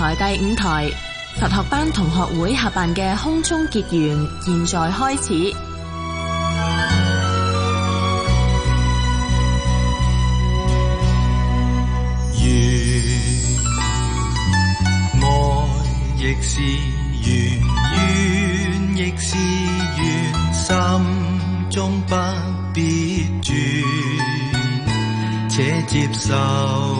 台第五台佛學班同學會合辦嘅空中結緣，現在開始。願愛亦是緣，怨亦是緣，心中不必絕，且接受。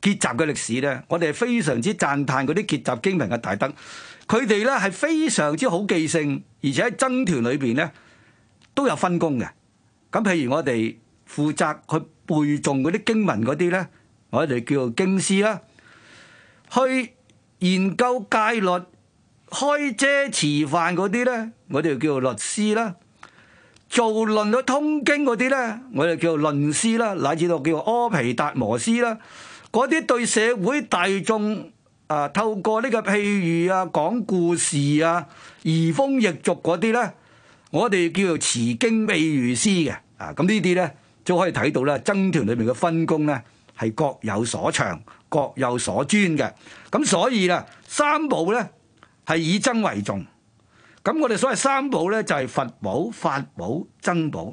結集嘅歷史咧，我哋係非常之讚嘆嗰啲結集經文嘅大德，佢哋咧係非常之好記性，而且喺僧團裏邊咧都有分工嘅。咁譬如我哋負責去背誦嗰啲經文嗰啲咧，我哋叫做經師啦；去研究戒律、開遮持犯嗰啲咧，我哋叫做律師啦；做論咗通經嗰啲咧，我哋叫做論師啦，乃至到叫做阿皮達摩師啦。嗰啲對社會大眾啊，透過呢個譬喻啊、講故事啊、移風易俗嗰啲呢，我哋叫做持經未如師嘅啊。咁呢啲呢，就可以睇到啦，僧團裏面嘅分工呢，係各有所長、各有所專嘅。咁、啊、所以啦，三寶呢，係以僧為重。咁我哋所謂三寶呢，就係、是、佛寶、法寶、僧寶。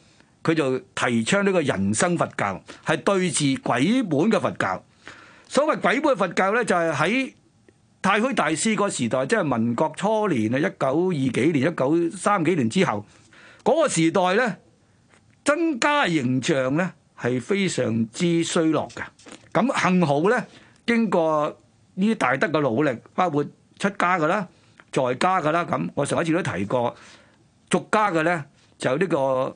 佢就提倡呢個人生佛教，係對治鬼本嘅佛教。所謂鬼本嘅佛教咧，就係喺太虛大師嗰個時代，即係民國初年啊，一九二幾年、一九三幾年之後，嗰個時代咧，僧伽形象咧係非常之衰落嘅。咁幸好咧，經過呢啲大德嘅努力，包括出家嘅啦，在家嘅啦，咁我上一次都提過，俗家嘅咧就呢個，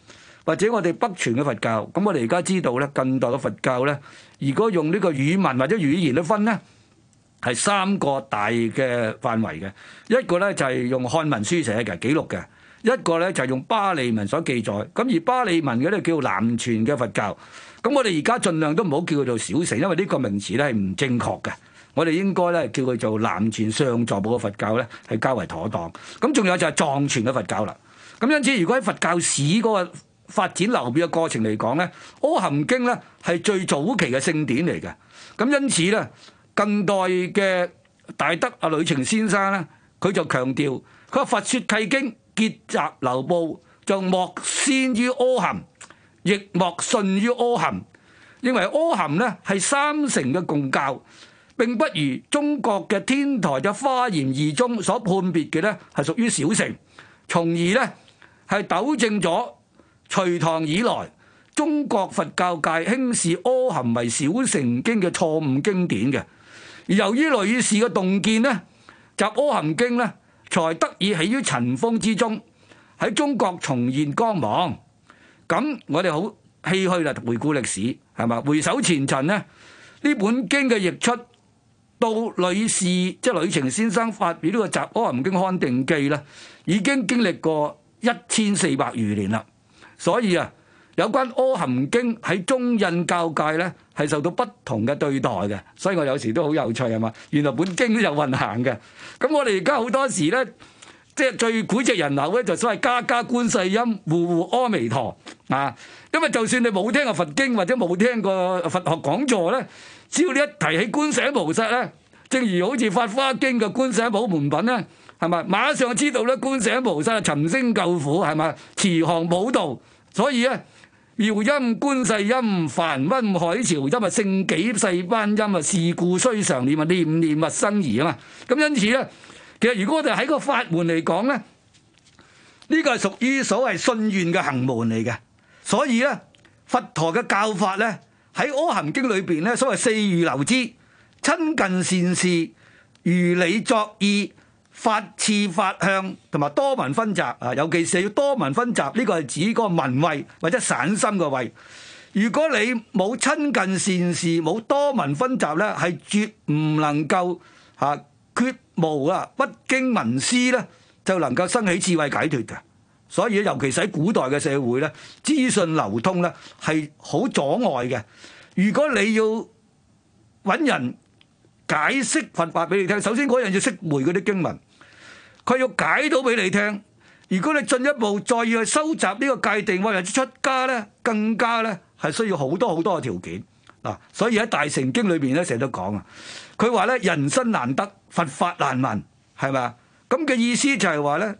或者我哋北傳嘅佛教，咁我哋而家知道咧，近代嘅佛教咧，如果用呢個語文或者語言嚟分咧，係三個大嘅範圍嘅。一個咧就係用漢文書寫嘅記錄嘅，一個咧就係用巴利文所記載。咁而巴利文嘅咧叫南傳嘅佛教。咁我哋而家盡量都唔好叫佢做小乘，因為呢個名詞咧係唔正確嘅。我哋應該咧叫佢做南傳上座部嘅佛教咧，係較為妥當。咁仲有就係藏傳嘅佛教啦。咁因此，如果喺佛教史嗰個發展流變嘅過程嚟講咧，阿含經咧係最早期嘅聖典嚟嘅。咁因此咧，近代嘅大德阿呂澂先生咧，佢就強調佢話佛説契經結集流布，就莫先於阿含，亦莫信於阿含。認為阿含咧係三乘嘅共教，並不如中國嘅天台嘅華嚴二宗所判別嘅咧係屬於小乘，從而咧係糾正咗。隋唐以來，中國佛教界輕視《阿含》為小乘經嘅錯誤經典嘅，而由於女士嘅洞見呢《集阿含經》呢，才得以起於塵封之中，喺中國重現光芒。咁我哋好唏噓啦，回顧歷史係嘛？回首前塵咧，呢本經嘅譯出到女士即係呂澂先生發表呢個《集阿含經刊定記》呢已經經歷過一千四百餘年啦。所以啊，有關《阿含經》喺中印教界咧，係受到不同嘅對待嘅。所以我有時都好有趣係嘛，原來本經都有運行嘅。咁我哋而家好多時咧，即係最古籍人流咧，就所謂家家觀世音，戶戶阿彌陀啊。因為就算你冇聽過佛經或者冇聽過佛學講座咧，只要你一提起觀世音菩薩咧，正如好似《法華經》嘅觀世音普門品咧，係咪？馬上知道咧，觀世音菩薩尋聲救苦係咪？慈航普渡。所以咧，妙音觀世音、梵音海潮音啊，聖幾世班音啊，事故雖常念啊，念念勿生疑啊嘛。咁因此咧，其實如果我哋喺個法門嚟講咧，呢個係屬於所謂信願嘅行門嚟嘅。所以咧，佛陀嘅教法咧喺《阿含經》裏邊咧，所謂四欲流之親近善事，如理作意。法次法向同埋多聞分集啊，尤其是要多聞分集，呢、這個係指個文慧，或者散心嘅慧。如果你冇親近善事，冇多聞分集呢係絕唔能夠吓絕無啊不經文思呢，就能夠生起智慧解脫嘅。所以尤其喺古代嘅社會呢資訊流通呢係好阻礙嘅。如果你要揾人，解釋佛法俾你聽，首先嗰樣要識背嗰啲經文，佢要解到俾你聽。如果你進一步再要去收集呢個界定，或者出家咧，更加咧係需要好多好多嘅條件嗱。所以喺大乘經裏邊咧，成日都講啊，佢話咧人生難得，佛法難聞，係咪？咁嘅意思就係話咧，《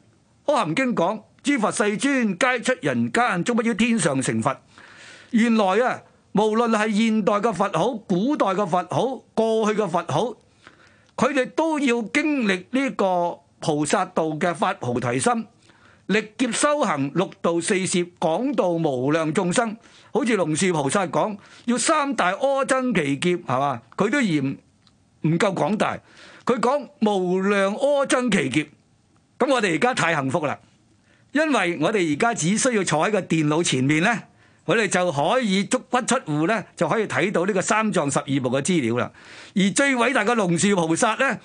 阿含經》講諸佛世尊皆出人間，終不於天上成佛。原來啊～無論係現代嘅佛好，古代嘅佛好，過去嘅佛好，佢哋都要經歷呢個菩薩道嘅發菩提心、歷劫修行六道、六度四攝、廣度無量眾生。好似龍樹菩薩講，要三大阿僧祇劫，係嘛？佢都嫌唔夠廣大，佢講無量阿僧祇劫。咁我哋而家太幸福啦，因為我哋而家只需要坐喺個電腦前面呢。佢哋就可以足不出戶咧，就可以睇到呢個三藏十二部嘅資料啦。而最偉大嘅龍樹菩薩咧，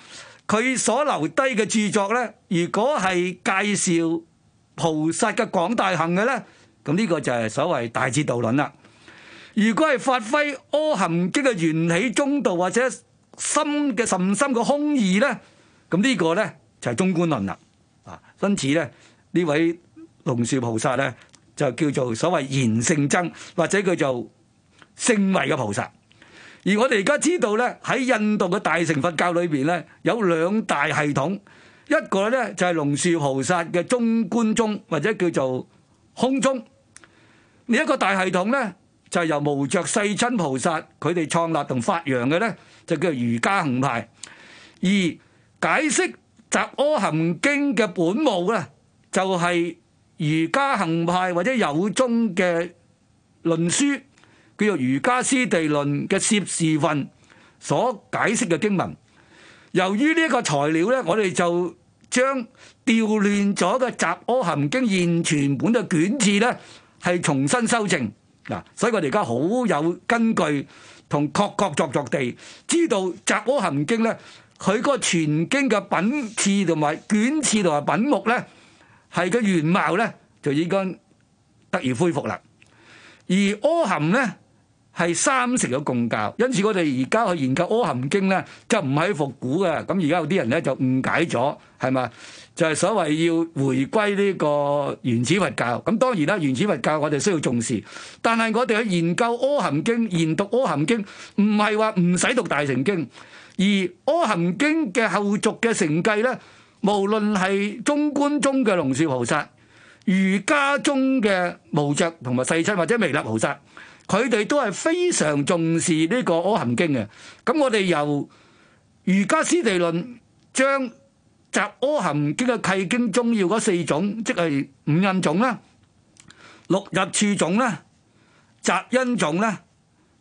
佢所留低嘅著作咧，如果係介紹菩薩嘅廣大行嘅咧，咁呢個就係所謂大智度論啦。如果係發揮阿含經嘅緣起中道或者深嘅甚深嘅空義咧，咁呢個咧就係、是、中觀論啦。啊，因此咧呢位龍樹菩薩咧。就叫做所謂賢聖僧或者叫做聖位嘅菩薩，而我哋而家知道咧，喺印度嘅大乘佛教裏邊咧，有兩大系統，一個咧就係龍樹菩薩嘅中觀宗或者叫做空宗。另一個大系統咧就係由無著世親菩薩佢哋創立同發揚嘅咧，就叫瑜伽行派。而解釋《雜阿含經》嘅本母啦，就係。瑜伽行派或者有宗嘅論書，叫做《瑜伽師地論》嘅攝事分所解釋嘅經文，由於呢一個材料咧，我哋就將調亂咗嘅《雜阿含經》現存本嘅卷次咧，係重新修正嗱，所以我哋而家好有根據同確確鑿鑿地知道《雜阿含經呢》咧，佢嗰個全經嘅品次同埋卷次同埋品目咧。係嘅原貌咧，就依家得以恢復啦。而阿含呢，係三乘嘅共教，因此我哋而家去研究阿含經咧，就唔係復古嘅。咁而家有啲人咧就誤解咗，係嘛？就係、是、所謂要回歸呢個原始佛教。咁當然啦，原始佛教我哋需要重視，但係我哋去研究阿含經、研讀阿含經，唔係話唔使讀大乘經。而阿含經嘅後續嘅承繼咧。無論係中觀宗嘅龍樹菩薩、瑜伽宗嘅無著同埋世親或者彌勒菩薩，佢哋都係非常重視呢個《阿含經》嘅。咁我哋由瑜伽師地論將《雜阿含經》嘅契經中要嗰四種，即係五陰種啦、六入處種啦、雜因種啦，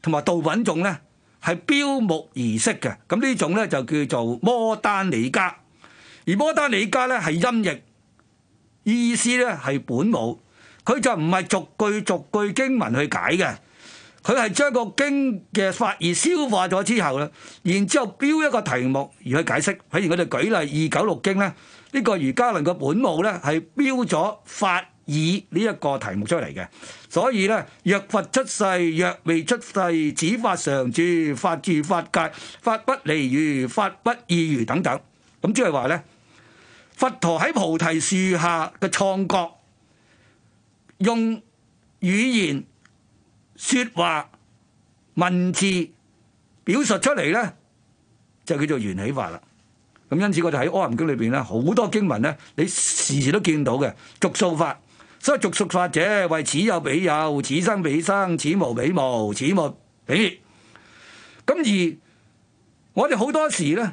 同埋道品種咧，係標目而識嘅。咁呢種咧就叫做摩單尼迦。而摩呾理迦咧係音譯，意思咧係本母，佢就唔係逐句逐句經文去解嘅，佢係將個經嘅法義消化咗之後咧，然之後標一個題目而去解釋。譬如我哋舉例二九六經咧，呢、這個儒家論嘅本母咧係標咗法爾呢一個題目出嚟嘅，所以咧，若佛出世，若未出世，指法常住，法住法界，法不離如，法不異如等等，咁即係話咧。佛陀喺菩提樹下嘅創覺，用語言說話、文字表述出嚟咧，就叫做緣起法啦。咁因此我，我哋喺《阿含經》裏邊咧，好多經文咧，你時時都見到嘅俗數法。所以俗數法者，為此有彼有，此生彼生，此無彼無，此滅彼滅。咁而我哋好多時咧。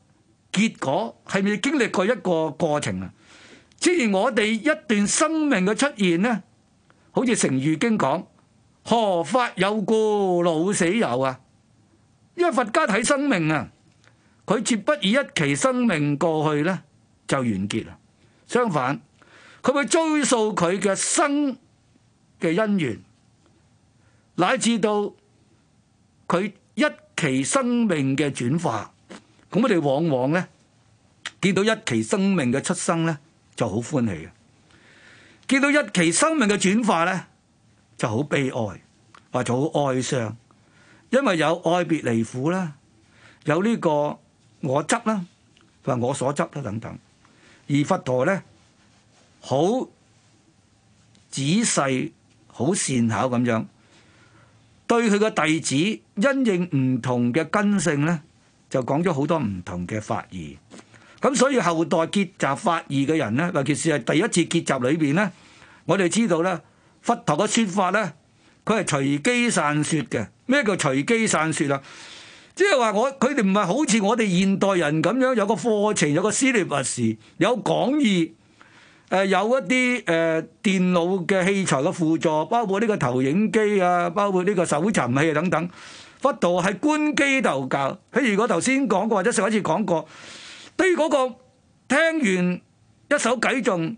結果係咪經歷過一個過程啊？即係我哋一段生命嘅出現咧，好似《成語經》講，何法有故老死有啊？因為佛家睇生命啊，佢絕不以一期生命過去咧就完結啦。相反，佢會追溯佢嘅生嘅因緣，乃至到佢一期生命嘅轉化。咁我哋往往咧，見到一期生命嘅出生咧，就好歡喜；見到一期生命嘅轉化咧，就好悲哀，或者就好哀傷，因為有愛別離苦啦，有呢個我執啦，或我所執啦等等。而佛陀咧，好仔細、好善巧咁樣對佢嘅弟子，因應唔同嘅根性咧，就講咗好多唔同嘅法義，咁所以後代結集法義嘅人咧，尤其是係第一次結集裏邊呢，我哋知道咧，佛陀嘅說法呢，佢係隨機散説嘅。咩叫隨機散説啊？即係話我佢哋唔係好似我哋現代人咁樣有個課程，有個 syllabus，有講義，誒有一啲誒、呃、電腦嘅器材嘅輔助，包括呢個投影機啊，包括呢個手尋器等等。佛道係觀機逗教，譬如我頭先講過，或者上一次講過，對於嗰個聽完一首偈頌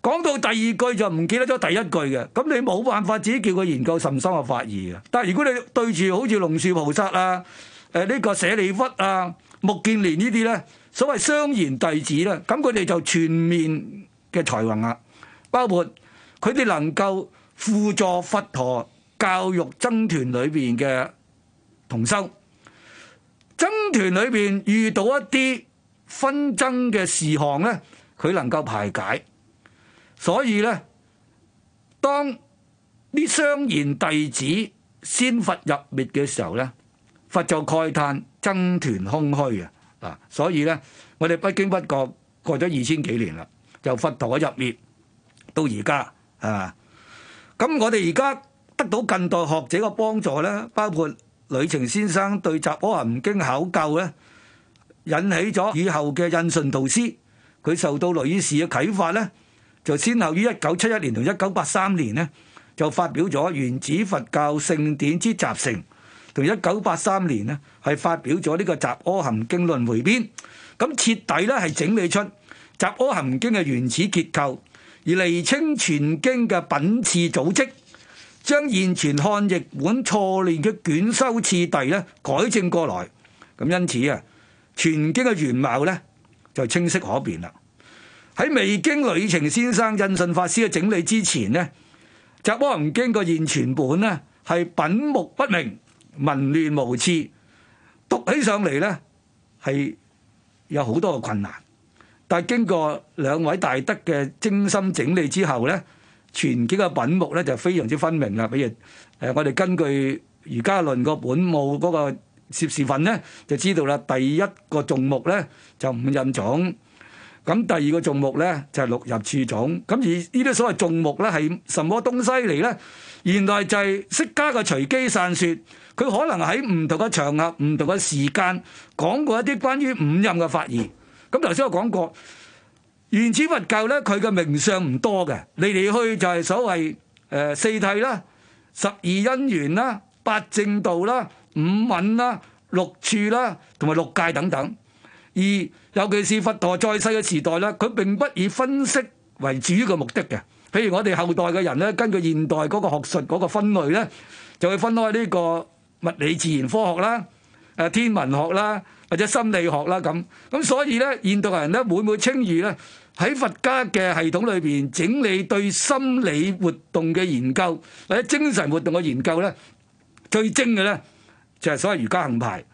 講到第二句就唔記得咗第一句嘅，咁你冇辦法自己叫佢研究甚深嘅法義嘅。但係如果你對住好似龍樹菩薩啦、誒呢個舍利弗啊、目犍連呢啲咧，所謂雙賢弟子咧，咁佢哋就全面嘅才能啊，包括佢哋能夠輔助佛陀教育僧團裏邊嘅。同修，僧團裏邊遇到一啲紛爭嘅事項咧，佢能夠排解，所以咧，當啲雙賢弟子先佛入滅嘅時候咧，佛就慨嘆僧團空虛嘅嗱，所以咧，我哋不經不覺過咗二千幾年啦，就佛陀入滅到而家係嘛，咁我哋而家得到近代學者嘅幫助咧，包括。呂澄先生對《雜阿含》經考究咧，引起咗以後嘅印順導師，佢受到女士嘅啟發咧，就先後於一九七一年同一九八三年咧，就發表咗《原始佛教聖典之集成》，同一九八三年咧係發表咗呢個《雜阿含經論會編》，咁徹底咧係整理出《雜阿含經》嘅原始結構，而釐清全經嘅品次組織。將現存漢譯本錯亂嘅卷修次第咧改正過來，咁因此啊，全經嘅原貌咧就清晰可辨啦。喺未經呂澂先生、印順法師整理之前，前呢雜阿含經個現存本咧係品目不明、文亂無次，讀起上嚟咧係有好多嘅困難。但係經過兩位大德嘅精心整理之後咧。全幾個品目咧就非常之分明啦，比如誒、呃，我哋根據瑜伽論本務個本末嗰個攝事分咧，就知道啦。第一個誦目咧就五陰誦，咁第二個誦目咧就係、六入處誦。咁而呢啲所謂誦目咧係什麼東西嚟咧？原來就係釋迦嘅隨機散說，佢可能喺唔同嘅場合、唔同嘅時間講過一啲關於五陰嘅法義。咁頭先我講過。原始佛教呢，佢嘅名相唔多嘅，嚟嚟去就係所謂誒、呃、四諦啦、十二因緣啦、八正道啦、五蘊啦、六處啦，同埋六界等等。而尤其是佛陀在世嘅時代咧，佢並不以分析為主嘅目的嘅。譬如我哋後代嘅人呢，根據現代嗰個學術嗰個分類呢，就會分開呢個物理自然科學啦、誒天文學啦，或者心理學啦咁。咁所以呢，現代人呢，會唔會稱譽呢。喺佛家嘅系統裏邊，整理對心理活動嘅研究或者精神活動嘅研究咧，最精嘅咧就係所謂瑜伽行派。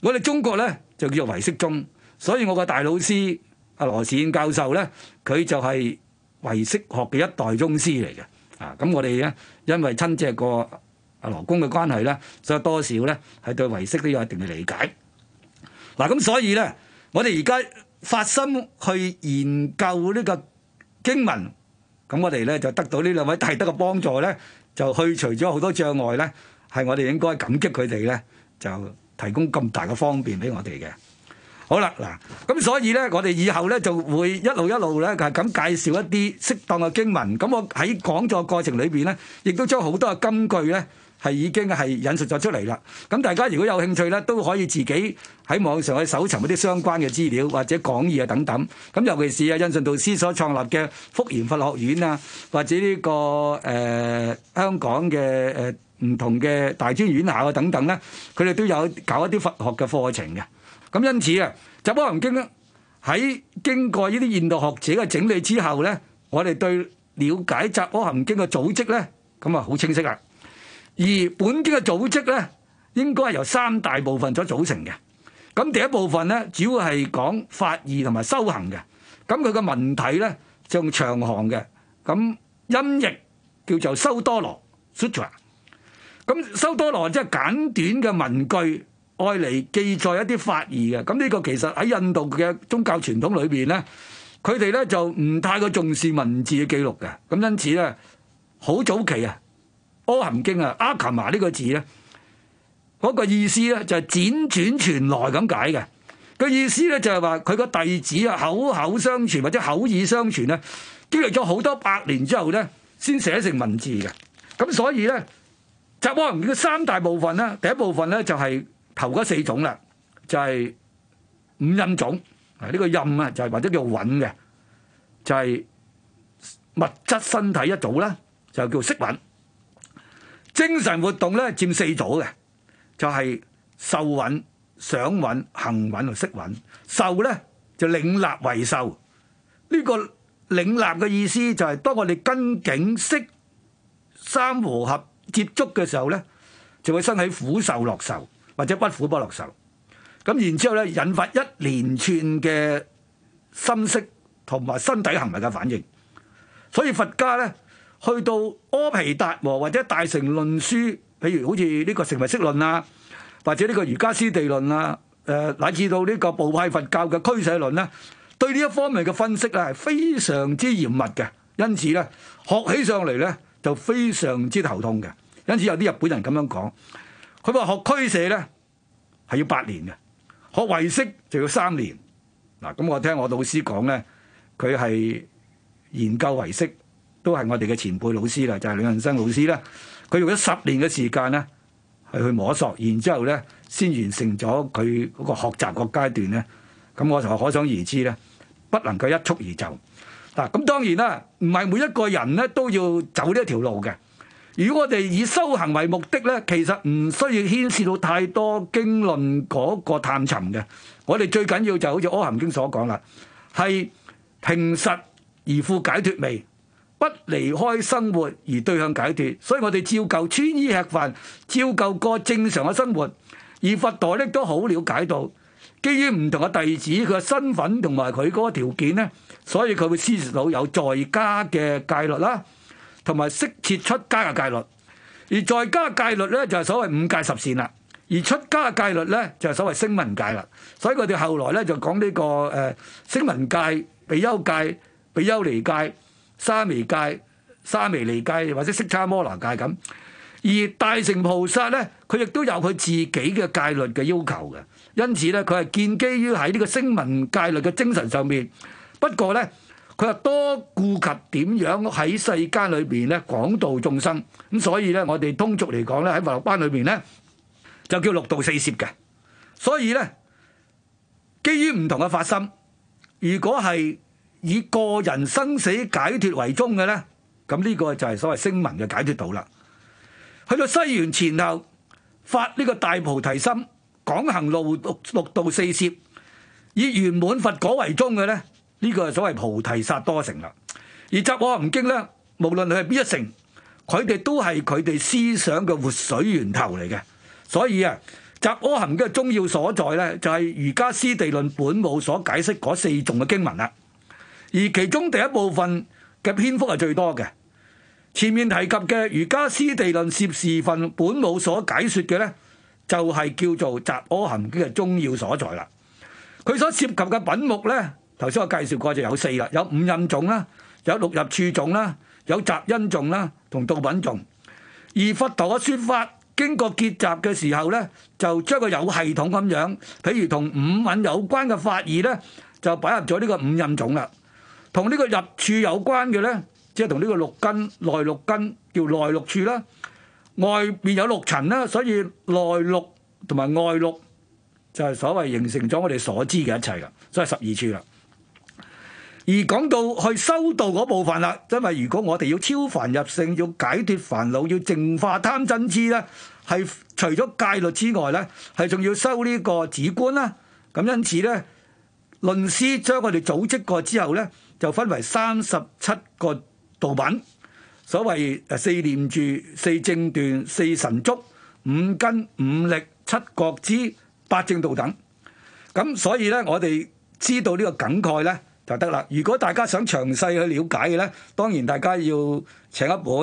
我哋中國咧就叫做唯識宗，所以我個大老師阿羅時憲教授咧，佢就係唯識學嘅一代宗師嚟嘅。啊，咁我哋咧因為親近過阿羅公嘅關係咧，所以多少咧係對唯識都有一定嘅理解。嗱，咁所以咧，我哋而家發心去研究呢個經文，咁我哋咧就得到呢兩位大德嘅幫助咧，就去除咗好多障礙咧，係我哋應該感激佢哋咧，就提供咁大嘅方便俾我哋嘅。好啦，嗱，咁所以咧，我哋以後咧就會一路一路咧係咁介紹一啲適當嘅經文，咁我喺講座過程裏邊咧，亦都將好多嘅金句咧。係已經係引述咗出嚟啦。咁大家如果有興趣咧，都可以自己喺網上去搜尋嗰啲相關嘅資料，或者講義啊等等。咁尤其是啊，印順導師所創立嘅福嚴佛學院啊，或者呢、這個誒、呃、香港嘅誒唔同嘅大專院校啊等等咧，佢哋都有搞一啲佛學嘅課程嘅。咁因此啊，《雜阿含經》咧喺經過呢啲現代學者嘅整理之後咧，我哋對了解《雜阿含經》嘅組織咧，咁啊好清晰啊！而本經嘅組織咧，應該係由三大部分所組成嘅。咁第一部分咧，主要係講法義同埋修行嘅。咁佢嘅文體咧，就長行嘅。咁音譯叫做《修多羅》（Sutra）。咁《修多羅》即係簡短嘅文句，愛嚟記載一啲法義嘅。咁呢個其實喺印度嘅宗教傳統裏邊咧，佢哋咧就唔太過重視文字嘅記錄嘅。咁因此咧，好早期啊！阿含經啊，阿含啊呢個字咧，嗰個意思咧就係輾轉傳來咁解嘅，個意思咧就係話佢個弟子啊，口口相傳或者口耳相傳咧，經歷咗好多百年之後咧，先寫成文字嘅。咁所以咧，《雜阿含經》嘅三大部分咧，第一部分咧就係頭嗰四種啦，就係、是、五陰種啊，呢、這個陰啊就係、是、或者叫蘊嘅，就係、是、物質身體一組啦，就叫色蘊。精神活動咧佔四蘊嘅，就係、是、受蘊、想蘊、行蘊同識蘊。受咧就領納為受，呢、這個領納嘅意思就係、是、當我哋根境識三和合接觸嘅時候咧，就會生起苦受、樂受、樂受或者不苦不樂受。咁然之後咧，引發一連串嘅心識同埋身體行為嘅反應。所以佛家咧。去到阿毗達磨或者大乘論書，譬如好似呢個成唯識論啊，或者呢個瑜伽師地論啊，誒、呃、乃至到呢個部派佛教嘅俱舍論咧，對呢一方面嘅分析咧係非常之嚴密嘅，因此咧學起上嚟咧就非常之頭痛嘅。因此有啲日本人咁樣講，佢話學俱舍咧係要八年嘅，學唯識就要三年。嗱，咁我聽我老師講咧，佢係研究唯識。都係我哋嘅前輩老師啦，就係、是、李恆生老師啦。佢用咗十年嘅時間咧，係去摸索，然之後咧，先完成咗佢嗰個學習個階段咧。咁我就可想而知咧，不能夠一蹴而就。嗱、啊，咁當然啦，唔係每一個人咧都要走呢一條路嘅。如果我哋以修行為目的咧，其實唔需要牽涉到太多經論嗰個探尋嘅。我哋最緊要就是、好似《阿含經》所講啦，係平實而富解脱味。不離開生活而對向解脱，所以我哋照舊穿衣吃飯，照舊過正常嘅生活。而佛陀呢都好了解到，基於唔同嘅弟子佢嘅身份同埋佢嗰個條件咧，所以佢會施設到有在家嘅戒律啦，同埋適切出家嘅戒律。而在家嘅戒律咧就係所謂五戒十善啦，而出家嘅戒律咧就係所謂聲聞戒啦。所以我哋後來咧就講呢個誒聲聞戒、比丘戒、比丘尼戒。沙彌戒、沙彌尼戒或者色差摩那戒咁，而大乘菩薩咧，佢亦都有佢自己嘅戒律嘅要求嘅。因此咧，佢係建基於喺呢個聲聞戒律嘅精神上面。不過咧，佢係多顧及點樣喺世間裏邊咧廣度眾生。咁所以咧，我哋通俗嚟講咧喺佛學班裏邊咧，就叫六度四攝嘅。所以咧，基於唔同嘅發心，如果係以個人生死解脫為終的呢，咁呢個就係所謂聲聞嘅解脫道啦。去到西元前後，發呢個大菩提心，講行六道四攝，以圓滿佛果為終的呢，呢個就係所謂菩提薩多成啦。而雜阿含經呢，無論佢係邊一成，佢哋都係佢哋思想嘅活水源頭嚟嘅。所以呀，雜阿含嘅重要所在呢，就係瑜伽師地論本木所解釋嗰四種嘅經文啦。而其中第一部分嘅篇幅係最多嘅。前面提及嘅瑜伽師地論攝事分本母所解説嘅咧，就係叫做雜阿含經嘅重要所在啦。佢所涉及嘅品目咧，頭先我介紹過就有四啦，有五陰種啦，有六入處種啦，有雜因種啦，同道品種。而佛陀嘅説法經過結集嘅時候咧，就將個有系統咁樣，譬如同五陰有關嘅法義咧，就擺入咗呢個五陰種啦。同呢個入處有關嘅呢，即係同呢個六根內六根叫內六處啦，外邊有六塵啦，所以內六同埋外六就係所謂形成咗我哋所知嘅一切啦，所以十二處啦。而講到去修道嗰部分啦，因為如果我哋要超凡入聖，要解脫煩惱，要淨化貪嗔痴呢，係除咗戒律之外呢，係仲要修呢個止觀啦。咁因此呢，論師將我哋組織過之後呢。就分為三十七個道品，所謂誒四念住、四正斷、四神足、五根、五力、七覺支、八正道等。咁所以咧，我哋知道呢個梗概咧就得啦。如果大家想詳細去了解嘅咧，當然大家要請一本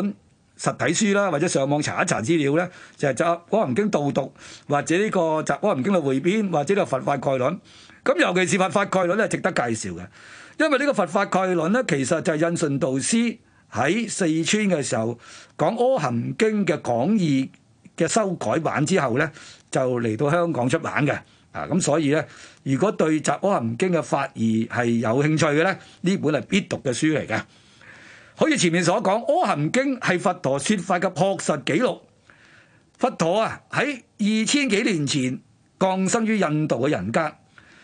實體書啦，或者上網查一查資料咧，就係《雜阿含經導讀》，或者呢個《雜阿含經》嘅會編，或者呢個《佛法概論》。咁尤其是《佛法概論》咧，值得介紹嘅。因為呢個《佛法概論》咧，其實就係印順導師喺四川嘅時候講《阿含經》嘅講義嘅修改版之後咧，就嚟到香港出版嘅。啊，咁所以咧，如果對集阿含經嘅法義係有興趣嘅咧，呢本係必讀嘅書嚟嘅。好似前面所講，《阿含經》係佛陀説法嘅確實記錄。佛陀啊，喺二千幾年前降生於印度嘅人間，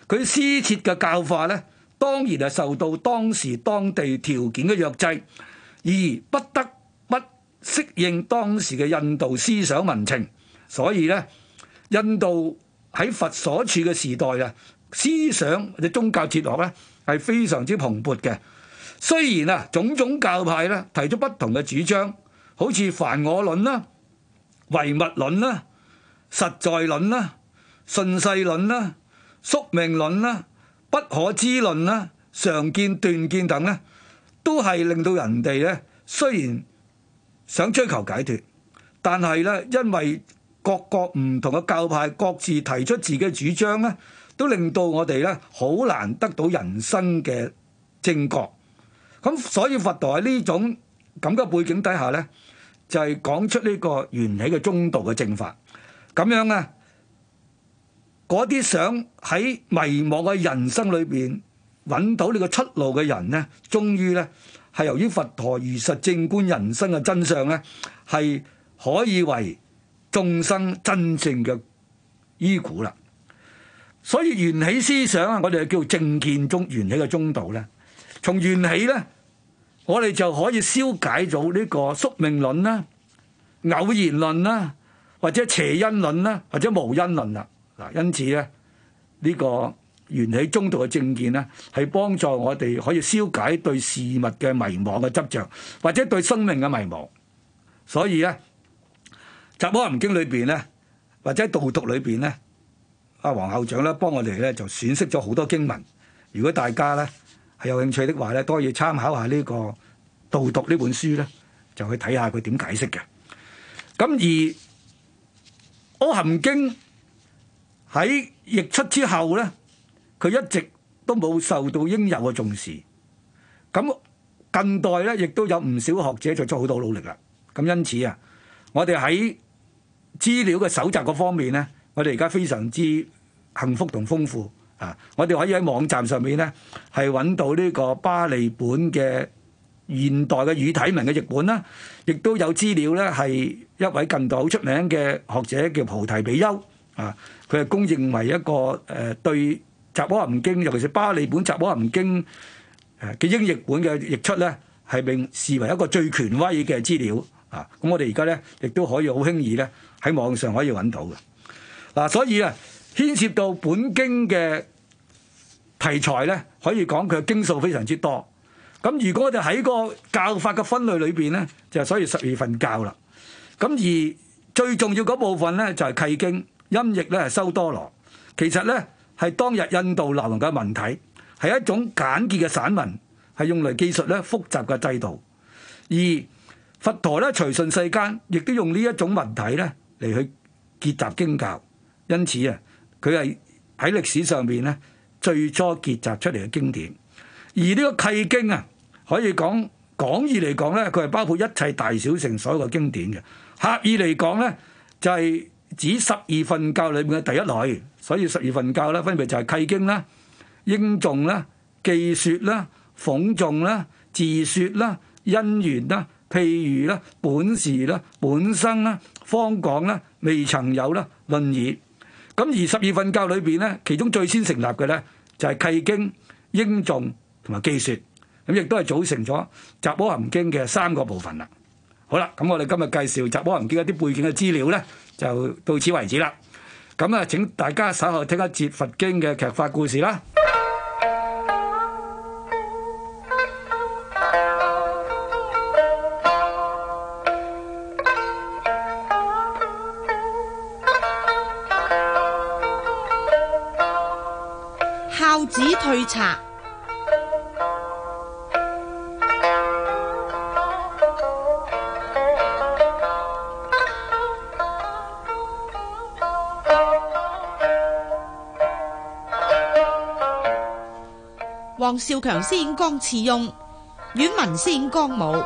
佢施設嘅教化咧。當然係受到當時當地條件嘅約制，而不得不適應當時嘅印度思想民情。所以呢，印度喺佛所處嘅時代啊，思想或者宗教哲學呢係非常之蓬勃嘅。雖然啊，種種教派呢提出不同嘅主張，好似梵我論啦、唯物論啦、實在論啦、順世論啦、宿命論啦。不可知論啦、常見斷見等咧，都係令到人哋咧，雖然想追求解脫，但係咧，因為各個唔同嘅教派各自提出自己嘅主張咧，都令到我哋咧好難得到人生嘅正覺。咁所以佛陀喺呢種咁嘅背景底下咧，就係講出呢個緣起嘅中道嘅正法。咁樣咧。嗰啲想喺迷茫嘅人生裏邊揾到呢個出路嘅人呢，終於呢係由於佛陀如實正觀人生嘅真相呢，係可以為眾生真正嘅依怙啦。所以緣起思想啊，我哋叫正見中緣起嘅中道呢，從緣起呢，我哋就可以消解咗呢個宿命論啦、偶然論啦、或者邪因論啦、或者無因論啦。因此咧，呢個緣起中道嘅正見咧，係幫助我哋可以消解對事物嘅迷茫嘅執着，或者對生命嘅迷茫。所以咧，《雜阿含經》裏邊咧，或者喺導讀裏邊咧，阿黃校長咧幫我哋咧就選擇咗好多經文。如果大家咧係有興趣的話咧，都可以參考下呢個導讀呢本書咧，就去睇下佢點解釋嘅。咁而《阿含經》喺譯出之後咧，佢一直都冇受到應有嘅重視。咁近代咧，亦都有唔少學者作出好多努力啦。咁因此啊，我哋喺資料嘅蒐集嗰方面咧，我哋而家非常之幸福同豐富啊！我哋可以喺網站上面咧，係揾到呢個巴利本嘅現代嘅語體文嘅譯本啦。亦都有資料咧，係一位近代好出名嘅學者叫菩提比丘。啊！佢係公認為一個誒對《雜阿含經》，尤其是巴利本《雜阿含經》嘅英譯本嘅譯出咧，係被視為一個最權威嘅資料啊！咁我哋而家咧，亦都可以好輕易咧喺網上可以揾到嘅嗱、啊。所以啊，牽涉到本經嘅題材咧，可以講佢嘅經數非常之多。咁如果我哋喺個教法嘅分類裏邊咧，就所以十二份教啦。咁而最重要嗰部分咧，就係、是、契經。音譯咧係修多羅，其實咧係當日印度流行嘅文體，係一種簡潔嘅散文，係用嚟記述咧複雜嘅制度。而佛陀咧隨順世間，亦都用呢一種文體咧嚟去結集經教，因此啊，佢係喺歷史上邊咧最初結集出嚟嘅經典。而呢個契經啊，可以講廣義嚟講咧，佢係包括一切大小乘所有嘅經典嘅；狹義嚟講咧，就係指十二分教裏面嘅第一類，所以十二分教咧分別就係契經啦、應頌啦、記説啦、諷頌啦、自説啦、因緣啦、譬喻啦、本事啦、本生啦、方廣啦，未曾有啦、論議。咁而十二分教裏邊咧，其中最先成立嘅咧就係契經、應頌同埋記説，咁亦都係組成咗《雜阿含經》嘅三個部分啦。好啦，咁我哋今日介紹《雜阿含經》一啲背景嘅資料咧。就到此為止啦。咁啊，請大家稍後聽一節佛經嘅劇化故事啦。孝子退賊。邵強飾演江次雍，阮文飾演江武，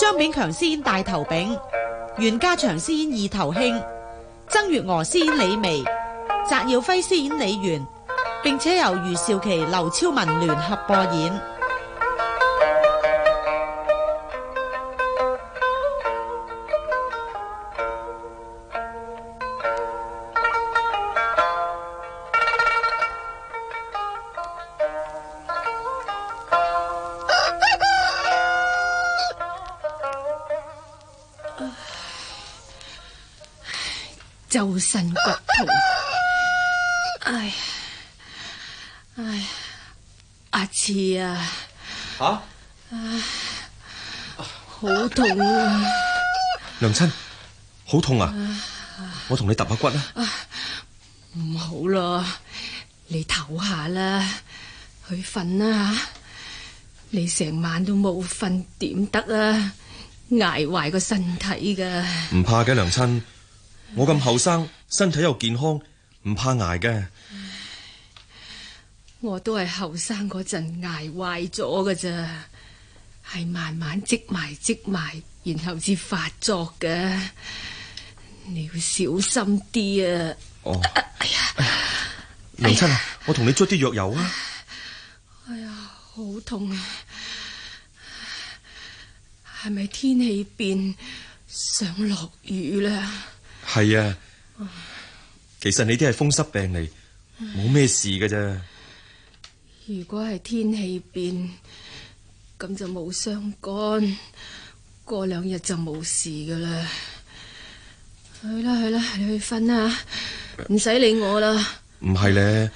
張炳強飾演大頭炳，袁家祥飾演二頭兄，曾月娥飾演李薇，翟耀輝飾演李元，並且由余少奇、劉超文聯合播演。好身骨痛，哎呀，哎，阿次啊，吓，唉，好痛啊！娘親，好痛啊！我同你揼下骨啊！唔好咯，你唞下啦，去瞓啦吓，你成晚都冇瞓，點得啊？挨壞個身體噶，唔怕嘅，娘親。我咁後生，身體又健康，唔怕挨嘅。我都係後生嗰陣挨壞咗嘅咋，係慢慢積埋積埋，然後至發作嘅。你要小心啲啊！哦，哎呀，娘親，我同你捽啲藥油啊！哎呀，好痛啊！係咪天氣變，想落雨啦？係啊，其實你啲係風濕病嚟，冇咩事噶啫。如果係天氣變，咁就冇相干，過兩日就冇事噶啦。去啦去啦，你去瞓啦，唔使、呃、理我啦。唔係咧，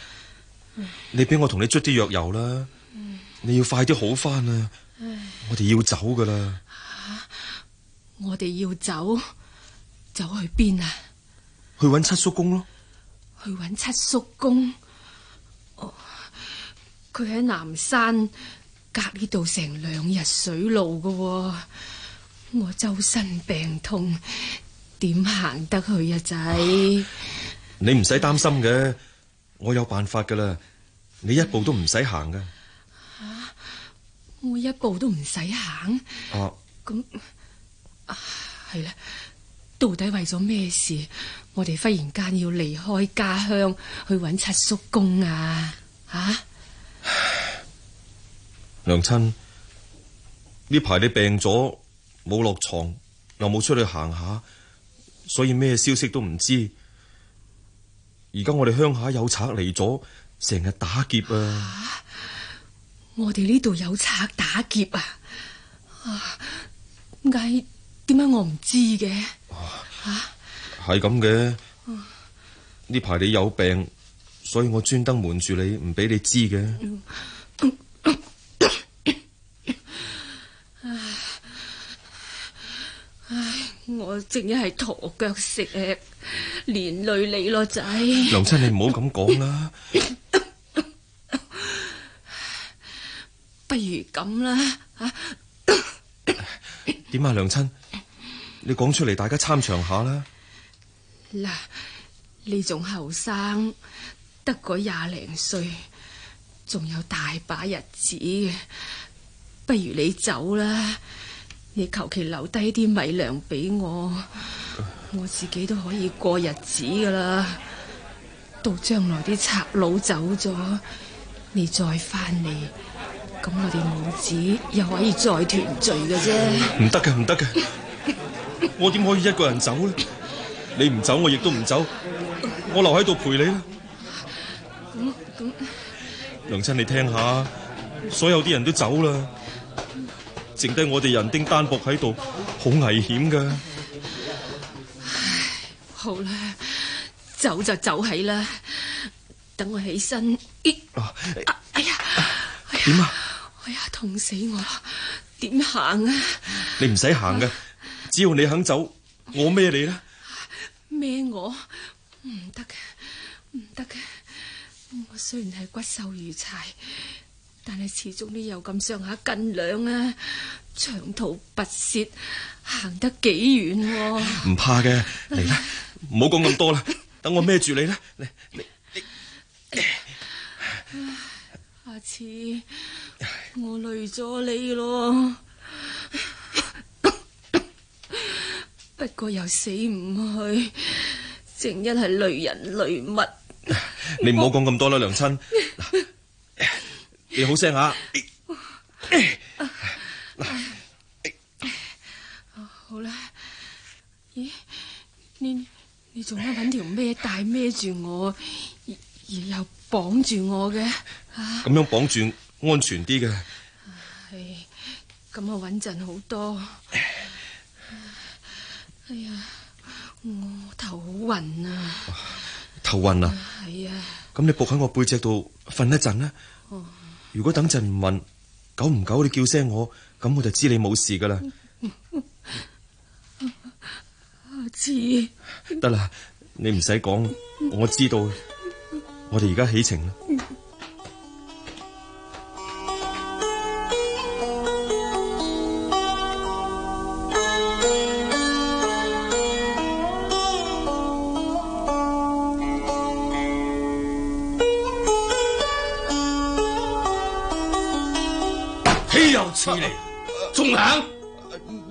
你俾我同你捽啲藥油啦。你要快啲好翻啊！我哋要走噶啦，我哋要走。走去邊啊？去搵七叔公咯。去搵七叔公？哦，佢喺南山隔呢度成兩日水路噶，我周身病痛，點行得去啊？仔，你唔使擔心嘅，我有辦法噶啦，你一步都唔使行噶。吓，每一步都唔使行。哦，咁啊，係啦。到底為咗咩事，我哋忽然間要離開家鄉去搵七叔公啊？吓、啊，娘親，呢排你病咗，冇落床又冇出去行下，所以咩消息都唔知。而家我哋鄉下有賊嚟咗，成日打劫啊！啊，我哋呢度有賊打劫啊！啊，點解點解我唔知嘅？吓，係咁嘅。呢排你有病，所以我專登瞞住你，唔俾你知嘅、嗯雷。唉，我正係拖腳石，連累你咯，仔。娘親，你唔好咁講啦。不如咁啦，吓。點啊，娘親？你講出嚟，大家參詳下啦。嗱，你仲後生，得個廿零歲，仲有大把日子。不如你走啦，你求其留低啲米糧俾我，我自己都可以過日子㗎啦。到將來啲賊佬走咗，你再翻嚟，咁我哋母子又可以再團聚嘅啫。唔得嘅，唔得嘅。 我點可以一個人走呢？你唔走，我亦都唔走。我留喺度陪你啦。咁咁、嗯，嗯，娘親，你聽下，所有啲人都走啦，剩低我哋人丁單薄喺度，好危險㗎。好啦，走就走起啦。等我起身。哎呀，點啊？哎呀，痛死我啦！點行啊？你唔使行㗎。哎只要你肯走，我孭你啦。孭我？唔得嘅，唔得嘅。我雖然係骨瘦如柴，但係始終都有咁上下斤兩啊，長途跋涉行得幾遠啊。唔怕嘅，嚟啦，唔好講咁多啦，等我孭住你啦。你你你， 下次我累咗你咯。不過又死唔去，正一係累人累物。你唔好講咁多啦，我 娘親。 你好聲吓。 好啦。咦？你你做咩揾條咩帶孭住我，而又綁住我嘅？咁 樣綁住，安全啲嘅。係，咁啊穩陣好多。哎 s 1 _ 2 呀，我頭好暈啊！頭暈啊！係啊！咁你伏喺我背脊度瞓一陣啦。Uh、如果等陣唔暈，久唔久你叫聲我，咁我就知你冇事噶啦。知得啦，你唔使講，我知道。我哋而家起程啦。啊啊啊重行？呢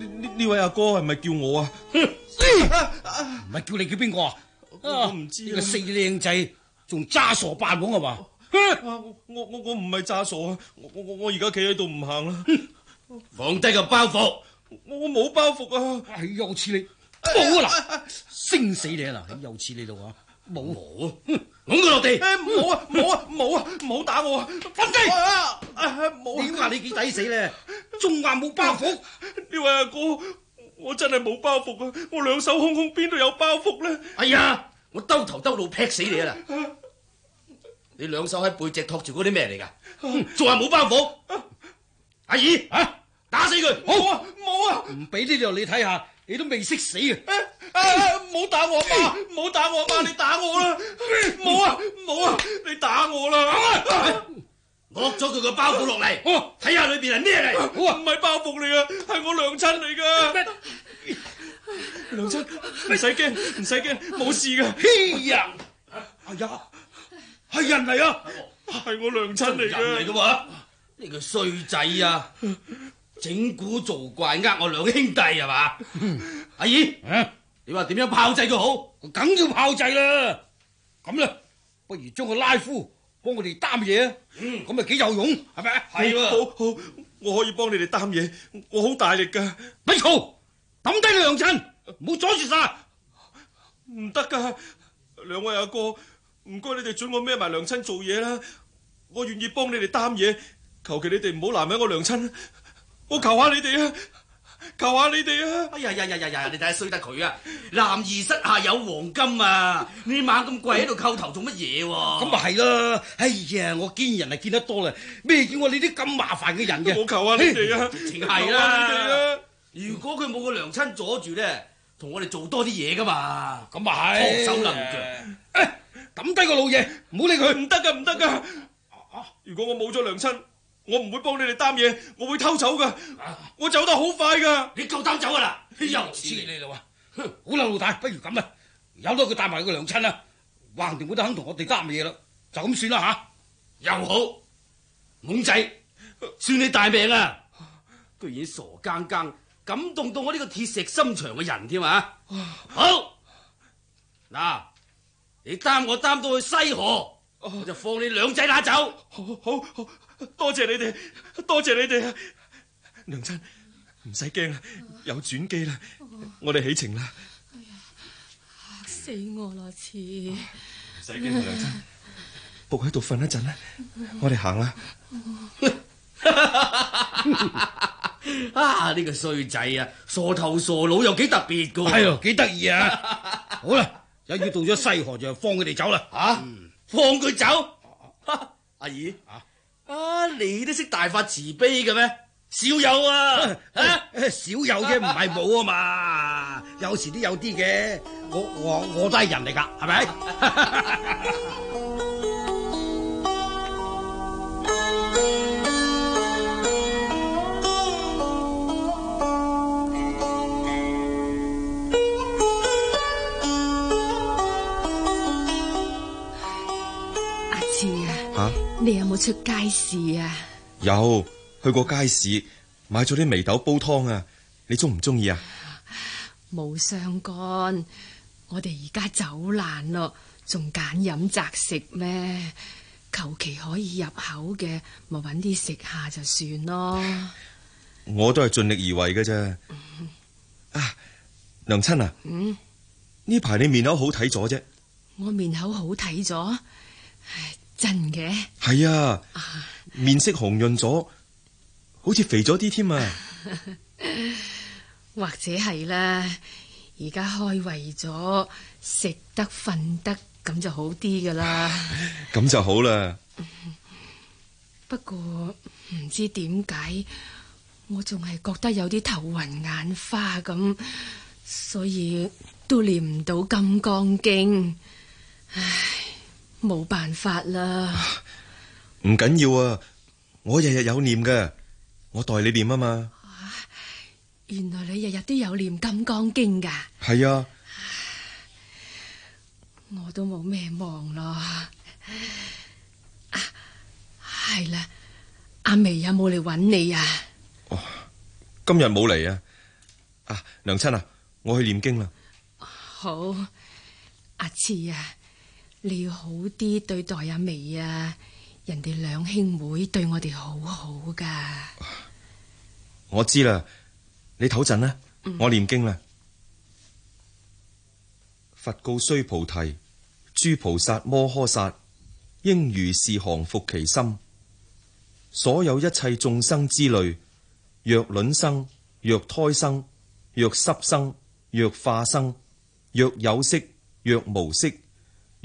呢呢位阿哥係咪叫我啊？唔係 叫你叫邊個啊，啊？這個、裝裝我唔知。呢個死靚仔仲揸傻扮懵啊！嘛？我我我唔係揸傻啊！我我我我而家企喺度唔行啊。放低個包袱， 我冇包袱啊哎！哎呀，似你冇啦，升死你啊嗱！又似你度啊，冇我。捧佢落地！冇啊冇啊冇啊，唔好、啊、打我、啊！分機正。冇、啊。啊啊、我你話你幾抵死咧？仲話冇包袱？你話阿哥，哥，我真係冇包袱啊！我兩手空空，邊度有包袱咧？胸胸袱呢哎呀！我兜頭兜路劈死你啦！你兩手喺背脊托住嗰啲咩嚟㗎？仲話冇包袱？阿姨啊！打死佢！冇啊冇啊！唔俾呢條你睇下。你都未識死啊！啊，唔好打我阿媽，唔好打我阿媽，你打我啦！唔好啊，唔好啊，你打我啦！我攞咗佢個包袱落嚟，睇下裏邊係咩嚟？唔係包袱嚟啊，係我，我娘親嚟噶。娘親，唔使驚，唔使驚，冇事噶。係人，係人，係人嚟啊！係我娘親嚟嘅。人嚟嘅嘛？你個衰仔啊！整蠱做怪，呃我兩兄弟係嘛？阿姨、 啊，你話點樣炮製佢好，梗要炮製啦。咁啦，不如將個拉夫幫我，幫我哋擔嘢。嗯，咁咪幾有用係咪？係是是的，好，好，我可以幫你哋擔嘢，我好大力噶。咪嘈，抌低你娘親，唔好阻住晒，唔得噶。兩位阿哥，唔該你哋准我孭埋娘親做嘢啦。我願意幫你哋擔嘢，求其你哋唔好難為我娘親。我求下你哋啊，求下你哋啊！哎呀呀呀呀呀，你睇衰得佢啊！男兒膝下有黃金啊！你猛咁跪喺度叩頭做乜嘢？咁咪係咯！哎呀，我見人啊見得多啦，咩叫我你啲咁麻煩嘅人嘅？我求下你哋啊！情係啦！如果佢冇個娘親阻住咧，同我哋做多啲嘢噶嘛？咁咪係，雙手能腳，抌低個老爺，唔好理佢，唔得噶，唔得噶！如果我冇咗娘親。我唔會幫你哋擔嘢，我會偷走噶，我走得快走好快噶。你夠膽走啦？又黐你啦？哼！好啦，老大，不如咁啦，由得佢帶埋個娘親啦，橫掂我都肯同我哋擔嘢啦，就咁算啦吓。又好，懵仔，算你大命啊！居然傻更更，感動到我呢個鐵石心腸嘅人添啊！好，嗱，你擔我擔到去西河，我就放你兩仔乸走。好好好。好好。多謝，謝你哋，多謝，謝你哋啊！娘親，唔使驚啦，有轉機啦，我哋起程啦！吓、哎、死我啦！似唔使驚啦，娘親，仆喺度瞓一陣啦， 我哋行啦！ 啊！呢、這個衰仔啊，傻頭傻腦又幾特別噶，係咯、啊，幾得意啊！好啦， 一要到咗西河就放佢哋走啦，吓、啊！嗯、放佢走，阿姨、 啊啊啊！你都識大發慈悲嘅咩？少有啊，啊少有啫，唔係冇啊嘛，有時都有啲嘅。我我我都係人嚟噶，係咪？ 你有冇出街市啊？有去過街市買咗啲眉豆煲湯啊？你中唔中意啊？冇相干，我哋而家走難咯，仲揀飲擇食咩？求其可以入口嘅，咪搵啲食下就算咯。我都係盡力而為嘅啫。嗯、啊，娘親啊，呢排、嗯、你面口好睇咗啫。我面口好睇咗。唉。真嘅係啊，啊面色紅潤咗，好似肥咗啲添啊。 或者係啦，而家開胃咗，食得瞓得，咁就好啲噶啦。咁 就好啦 。不過唔知點解，我仲係覺得有啲頭暈眼花咁，所以都練唔到金剛經。唉。冇辦法啦，唔緊要啊！我日日有念噶，我代你念嘛啊嘛。原來你日日都有念金剛經噶？係啊，啊，我都冇咩忙咯。啊，係啦、啊，阿眉有冇嚟揾你啊？哦、啊，今日冇嚟啊！啊，娘親啊，我去念經啦。好，阿次啊。你要好啲對待阿眉啊！人哋兩兄妹對我哋好好噶，我知啦。你唞陣啦，我念經啦。佛告須菩提，諸菩薩摩訶薩應如是降伏其心。所有一切眾生之類，若卵生，若胎生，若濕生，若化生，若有色，若無色。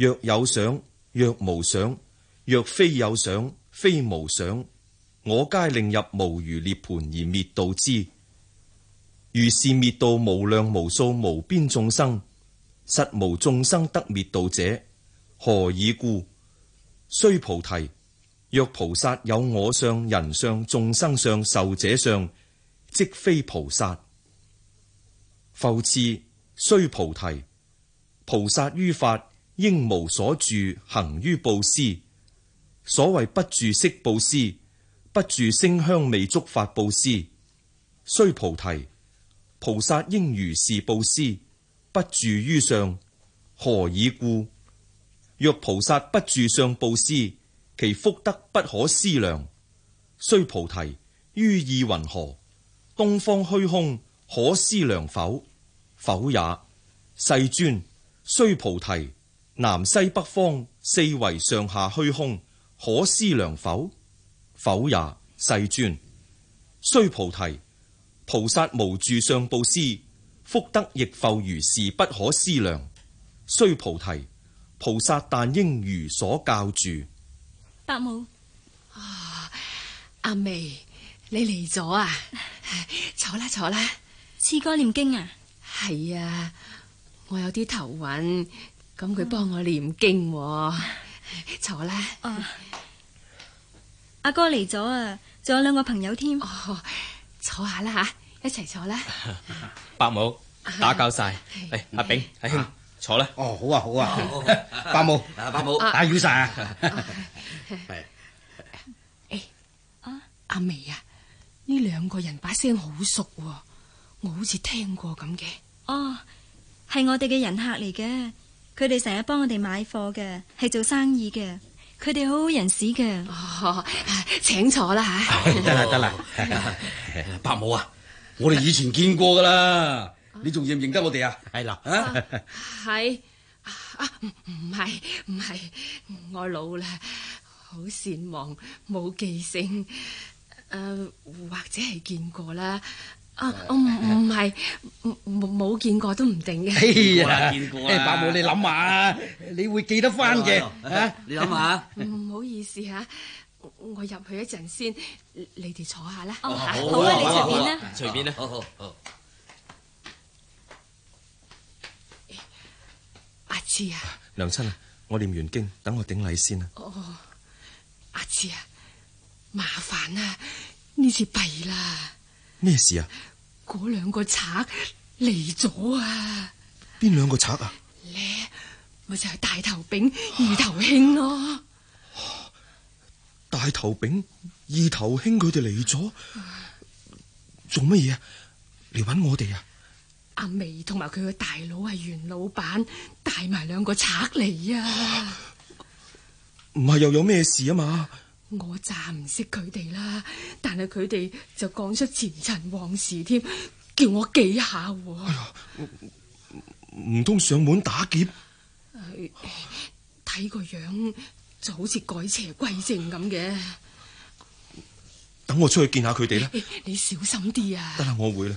若有想，若無想，若非有想，非無想，我皆令入無餘涅盤而滅度之。如是滅度無量無數無邊眾生，實無眾生得滅度者，何以故？須菩提，若菩薩有我相、人相、眾生相、壽者相，即非菩薩。復次須菩提，菩薩於法。應無所住，行於布施。所謂不住色布施，不住聲香味觸法布施。須菩提，菩薩應如是布施，不住於上。何以故？若菩薩不住相布施，其福德不可思量。須菩提，於意云何？東方虛空可思量否？否也。世尊，須菩提。南西北方四維上下虛空可思量否？否也。世尊，須菩提菩薩無住上布施，福德亦浮如是，不可思量。須菩提菩薩，但應如所教住。伯母、哦、眉啊，阿眉你嚟咗啊？坐啦，坐啦。次哥念經啊？係啊，我有啲頭暈。咁佢幫我念經、喔坐啊，坐啦。阿哥嚟咗啊，仲有兩個朋友添。啊、坐下啦吓，一齊坐啦。伯母，打攪晒、哎，阿炳阿兄坐啦。哦好、啊，好啊，好啊，伯母，伯母，伯母打攪晒。係誒，阿阿梅啊，呢、啊、兩、哎哎啊啊、個人把聲好熟，我好似聽過咁嘅。哦，係我哋嘅人客嚟嘅。佢哋成日幫我哋買貨嘅，係做生意嘅。佢哋好好人士嘅。哦，請坐啦吓，真係得啦。伯母啊，我哋以前見過噶啦，啊、你仲認唔認得我哋啊？係啦，啊 ，啊，係啊，唔係唔係，我老啦，好善忘，冇記性，誒、啊，或者係見過啦。啊，唔唔係，冇見過都唔定嘅。嘿呀，見過啦，伯母你諗下，你會記得翻嘅，吓你諗下。唔好意思吓，我入去一陣先，你哋坐下啦。哦，好啊，你隨便啦，隨便啦，好好好。阿志啊，娘親啊，我念完經，等我頂禮先啊。哦，阿志啊，麻煩啊，呢次弊啦。咩事啊？嗰兩個賊嚟咗啊！邊兩個賊啊？你、啊，咪就係大頭炳二頭兄咯。大頭炳二頭兄佢哋嚟咗，做乜嘢？嚟揾我哋啊？阿眉同埋佢嘅大佬係袁老闆，帶埋兩個賊嚟啊！唔係又有咩事啊嘛？我暫唔識佢哋啦，但係佢哋就講出前塵往事添，叫我記下、啊。唔通、哎、上門打劫？睇個、哎、樣就好似改邪歸正咁嘅。等我出去見下佢哋啦。你小心啲啊！得啦，我會啦。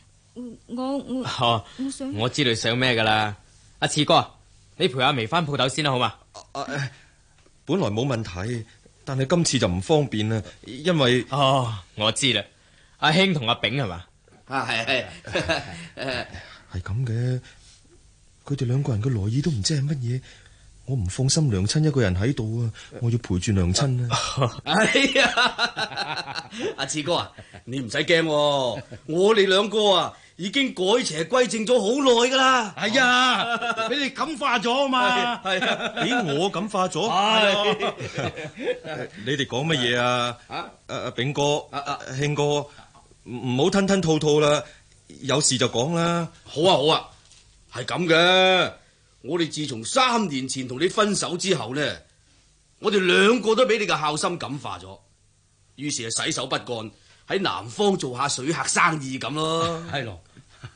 我我我，我，、哦、我想我知道你想咩噶啦，阿、啊、次哥，你陪阿眉翻鋪頭先啦，好嘛？啊？本來冇問題，但係今次就唔方便啦，因為哦，我知啦，阿興同阿炳係嘛？啊，係係係，係咁嘅，佢哋兩個人嘅來意都唔知係乜嘢。我唔放心，娘親一個人喺度啊！我要陪住娘親啊！哎呀，阿志哥啊，哥你唔使驚，我哋兩個啊已經改邪歸正咗好耐噶啦。係啊，俾、哎、呀你感化咗嘛。係啊，俾我感化咗。你哋講乜嘢啊？阿阿炳哥，阿阿慶哥，唔唔好吞吞吐吐啦，有事就講啦。好啊，好啊，係咁嘅。我哋自從三年前同你分手之後呢，我哋兩個都俾你嘅孝心感化咗，於是就洗手不幹，喺南方做下水客生意咁咯。係咯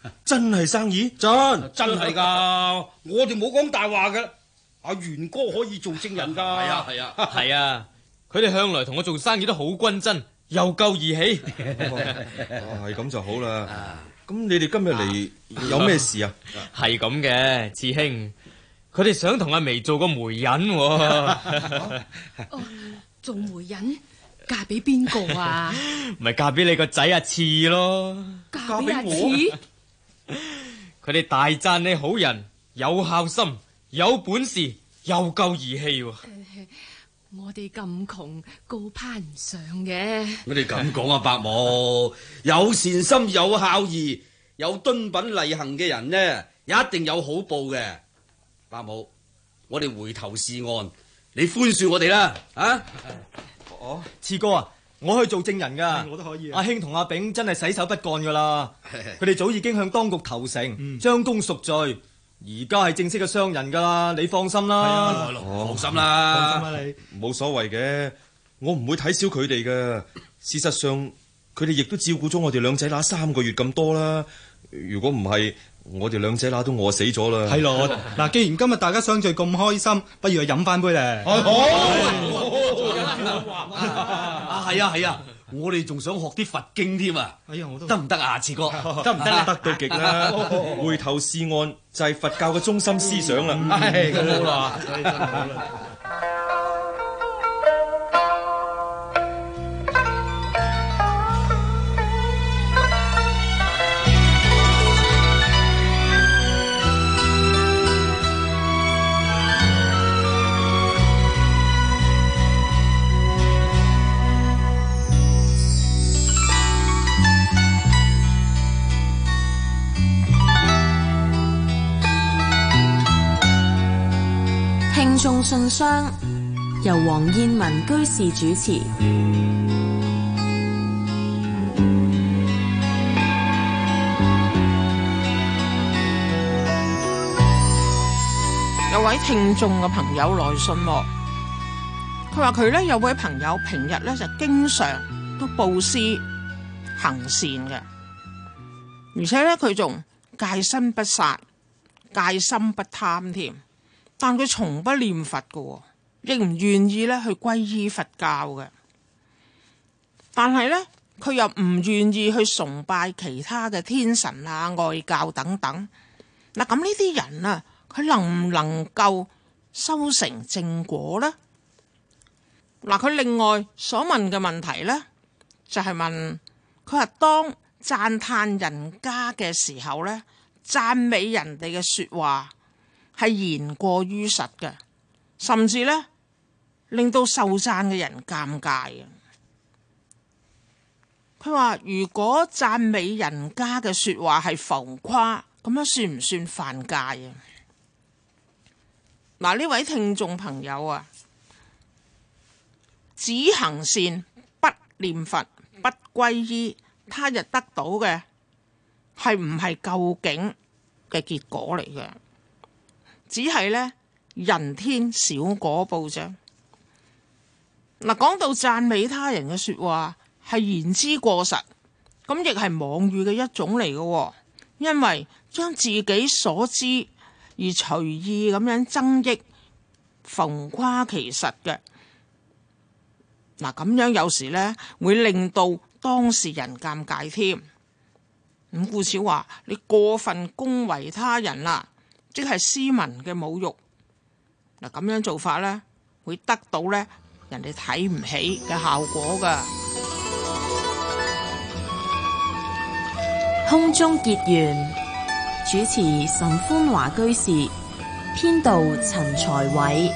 的，真係生意真真係噶，啊、我哋冇講大話嘅。阿元哥可以做證人噶。係啊係啊，係啊，佢哋 向來同我做生意都好均真，又夠義氣。係咁、 啊、就好啦。啊咁你哋今日嚟、啊、有咩事啊？係咁嘅，次 兄，佢哋想同阿眉做個媒人，啊、 人。哦，做媒人嫁俾邊個啊？咪 嫁俾你個仔阿次咯。嫁俾阿次。佢哋 大讚你好人，有孝心，有本事，又夠義氣、啊。我哋咁窮，高攀唔上嘅。我哋咁講啊，伯母，有善心、有孝義、有敦品厲行嘅人呢，一定有好報嘅。伯母，我哋回頭是岸，你寬恕我哋啦，啊！哦，次哥啊，我可以做證人噶，我都可以。阿興同阿炳真係洗手不幹噶啦，佢哋早已經向當局投誠，將功贖罪。而家係正式嘅商人噶啦，你放心啦，放心啦，放心啦，你冇所謂嘅，我唔會睇小佢哋嘅。事實上，佢哋亦都照顧咗我哋兩仔乸三個月咁多啦。如果唔係，我哋兩仔乸都餓死咗啦。係咯，嗱，既然今日大家相聚咁開心，不如去飲翻杯咧。好，啊，係啊，係啊。 我哋仲想學啲佛經添啊！哎呀，我都得唔得啊？次哥，得唔得咧？得到極啦！回頭是岸就係、是、佛教嘅中心思想啦！太、 嗯哎、好啦！ 眾信箱由黃燕文居士主持。有位聽眾嘅朋友來信我，佢話佢咧有位朋友平日咧就經常都布施行善嘅，而且咧佢仲戒身不殺，戒心不貪添。但佢從不念佛嘅，亦唔願意咧去皈依佛教嘅。但係咧，佢又唔願意去崇拜其他嘅天神啊、外教等等。嗱、啊，咁呢啲人啊，佢能唔能夠修成正果呢？嗱、啊，佢另外所問嘅問題咧，就係、是、問佢話，當讚嘆人家嘅時候咧，讚美人哋嘅說話。係言過於實嘅，甚至呢令到受讚嘅人尷尬啊！佢話如果讚美人家嘅說話係浮誇，咁樣算唔算犯戒啊？嗱，呢位聽眾朋友啊，只行善不念佛不皈依，他日得到嘅係唔係究竟嘅結果嚟嘅？只係呢人天小果報啫。嗱，講到讚美他人嘅說話係言之過實，咁亦係妄語嘅一種嚟嘅。因為將自己所知而隨意咁樣增益，浮誇其實嘅。嗱，咁樣有時呢會令到當事人尷尬添。咁故此話，你過分恭維他人啦。即係斯文嘅侮辱，嗱，咁樣做法呢，會得到呢人哋睇唔起嘅效果噶。空中結緣，主持岑寬華居士，編導陳才偉。